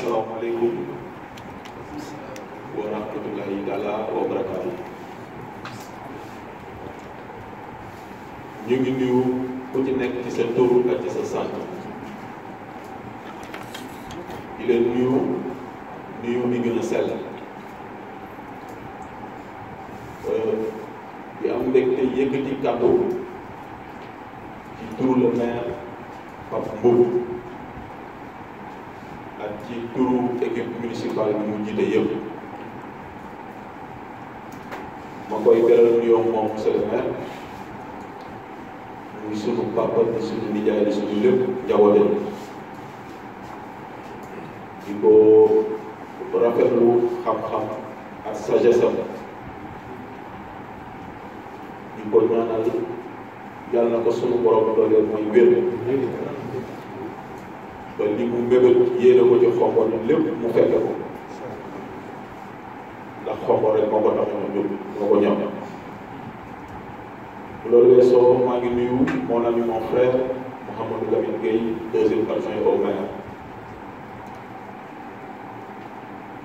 asalaamaaleykum wa rahmatulahi taala wa barakaatu ñu ngi nuyu ku ci nekk ci sa tur ak ci sa sant di leen nuyu nuyu bi gën a sell euh, di am mbégte yëkkati kàddu ci turu le maire Pape ci turu équipe municipale bi mu jiite yëpp ma koy beral nuyoo moom monsieur le maire muy sunu papa di sunu nijaay di sunu lépp jawwale di ko rafetlu xam-xam ak sagesse am di ko ñaanal yàlla na ko sunu borom dooleel mooy wér mébét yéene ko ci xonqor yi lépp mu fekke ko ndax xonqor rek moo ko tax a jóg moo ko ñam loolu weesoo maa ngi nuyu mon ami mon frère Mouhamadou Lamine Gueye deuxième adjoint au maire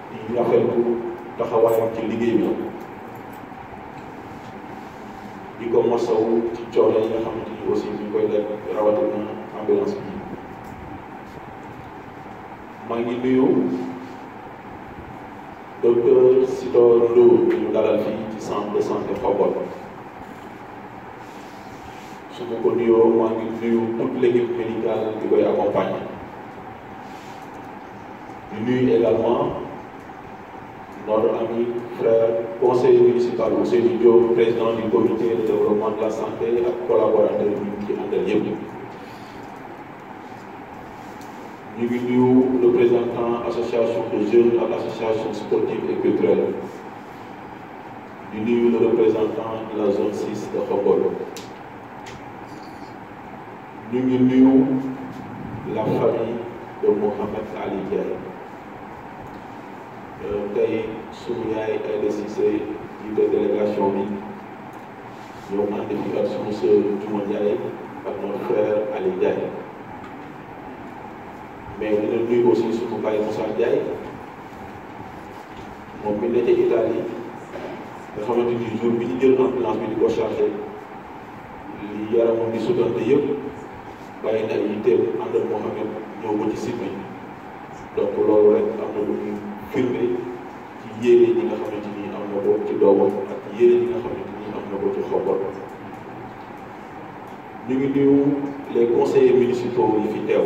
di rafetlu taxawaayam ci liggéey bi di ko mosawu ci coono yi i xamante ni aussi ñu koy def rawatina ambulance bi. mangi Dr nuyu docteur Sitor Lo ñu dalal fii ci centre de santé Khombole Je ma ko nuyoo toute l'équipe médicale qui koy accompagner également notre ami frère conseiller municipal conseiller Diop président du comité de développement de la santé et collaborateur de ñu ci nous venons représentant l'association de jeunes à l'association sportive et culturelle Nous venons le représentant de la zone 6 de Khombole Nous ngi la famille de Mohamed Ali Diaye Nous suñu yaay Aïda Cissé de délégation mine. Nous avons fi ak suñu sœur notre frère Ali Diaye mais ñu doon nuyu aussi suñu Baye Moussa Ndiaye moom mi nekk Italie nga xamante ni jour bi ñu jël ambulance bi di ko chargé li yaramam di sutante yëpp bàyyi na ay yitteel ànd ak Mouhamed ñëw ba ci site bi loolu rek am na lu ñu firnde ci yéene ñi nga xamante ni am na ko ci doomam ak yéene ñi nga xamante ni am na ko ci xobal ñu ngi nuyu les conseillers municipaux yi fi teew.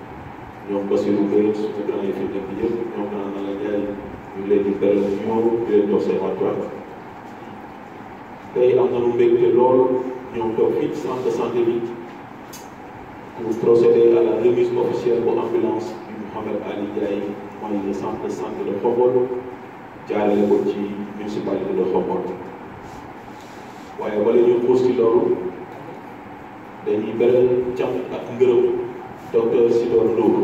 ñoom Basiirou Gueye suñu gan yi fi nekk yëpp ñoom naan la jaay ñu leen di beral ñëw di leen jox seen wàccuwaay tey am na lu mbégte lool ñoom toog fii centre de santé bi pour procéder à la remise officielle bu ambulance Ali Ndiaye mooy le centre de santé de Khombole ko ci municipalité de Khombole waaye wala ñu xuus ci loolu dañuy beral cant ak ngërëm. docteur Sitor Ndour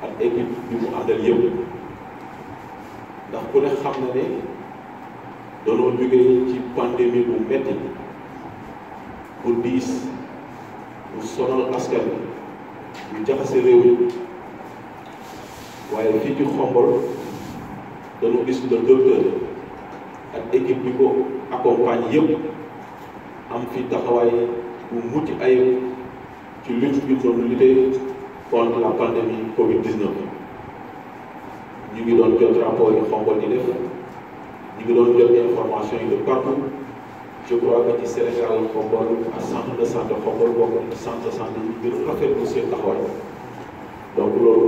ak équipe bi mu àndal yëpp ndax ku ne xam na ne danoo jógee ci pandémie bu metti bu diis bu sonal askan bi ñu jaxase réew yi waaye fii ci xombol dañu gis le docteur ak équipe bi ko accompagne yëpp am fi taxawaay bu mucc ayib qui multiplient pour lutter contre la pandémie Covid-19 ñu ngi doon jot rapport yi di def ñu ngi doon jot information yi de partout je crois que ci Sénégal xombal ak centre de santé xombal bokk na ci centre de santé yi ngir rafetlu seen taxawaay donc loolu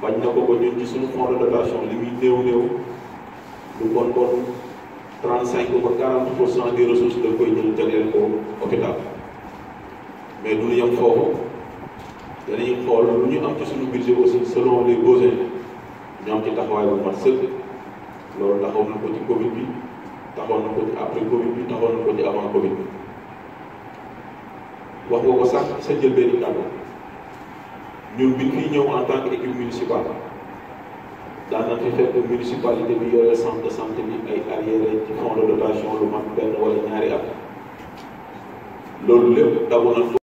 bañ na ko ba ñun ci suñu fond de dotation li muy néew néew lu bon bon 35 ba 40 pour cent des ressources da koy ñëw jagleel ko hôpital mais du ñu yem foofu xool lu ñu am ci suñu budget aussi selon les besoins ñoom ci taxawaay bu mat loolu taxaw na ko ci covid bi taxaw na ko ci après covid bi taxaw na ko ci avant covid bi wax ko sax sa jël benn kàddu ñun bi ñuy ñëw en tant municipal daan na fi fekk municipalité bi yore centre de santé bi ay arriéré ci fond dotation lu mat benn wala ñaari at loolu lépp dawoon na